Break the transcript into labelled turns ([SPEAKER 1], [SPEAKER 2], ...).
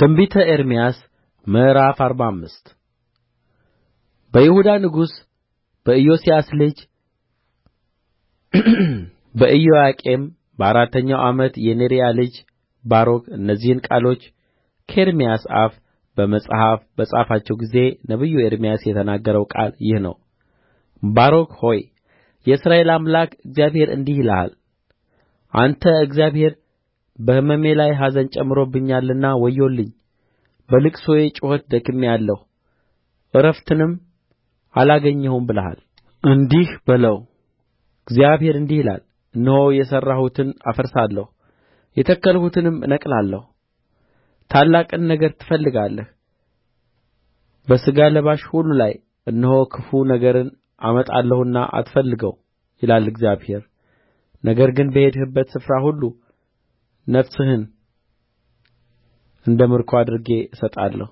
[SPEAKER 1] ትንቢተ ኤርምያስ ምዕራፍ አርባ አምስት በይሁዳ ንጉሥ በኢዮስያስ ልጅ በኢዮአቄም በአራተኛው ዓመት የኔርያ ልጅ ባሮክ እነዚህን ቃሎች ከኤርምያስ አፍ በመጽሐፍ በጻፋቸው ጊዜ ነቢዩ ኤርምያስ የተናገረው ቃል ይህ ነው ባሮክ ሆይ የእስራኤል አምላክ እግዚአብሔር እንዲህ ይልሃል አንተ እግዚአብሔር በሕመሜ ላይ ኀዘን ጨምሮብኛልና ወዮልኝ በልቅሶዬ ጩኸት ደክሜአለሁ ዕረፍትንም አላገኘሁም ብለሃል እንዲህ በለው እግዚአብሔር እንዲህ ይላል እነሆ የሠራሁትን አፈርሳለሁ የተከልሁትንም እነቅላለሁ ታላቅን ነገር ትፈልጋለህ በሥጋ ለባሽ ሁሉ ላይ እነሆ ክፉ ነገርን አመጣለሁና አትፈልገው ይላል እግዚአብሔር ነገር ግን በሄድህበት ስፍራ ሁሉ ነፍስህን እንደ ምርኮ
[SPEAKER 2] አድርጌ እሰጥሃለሁ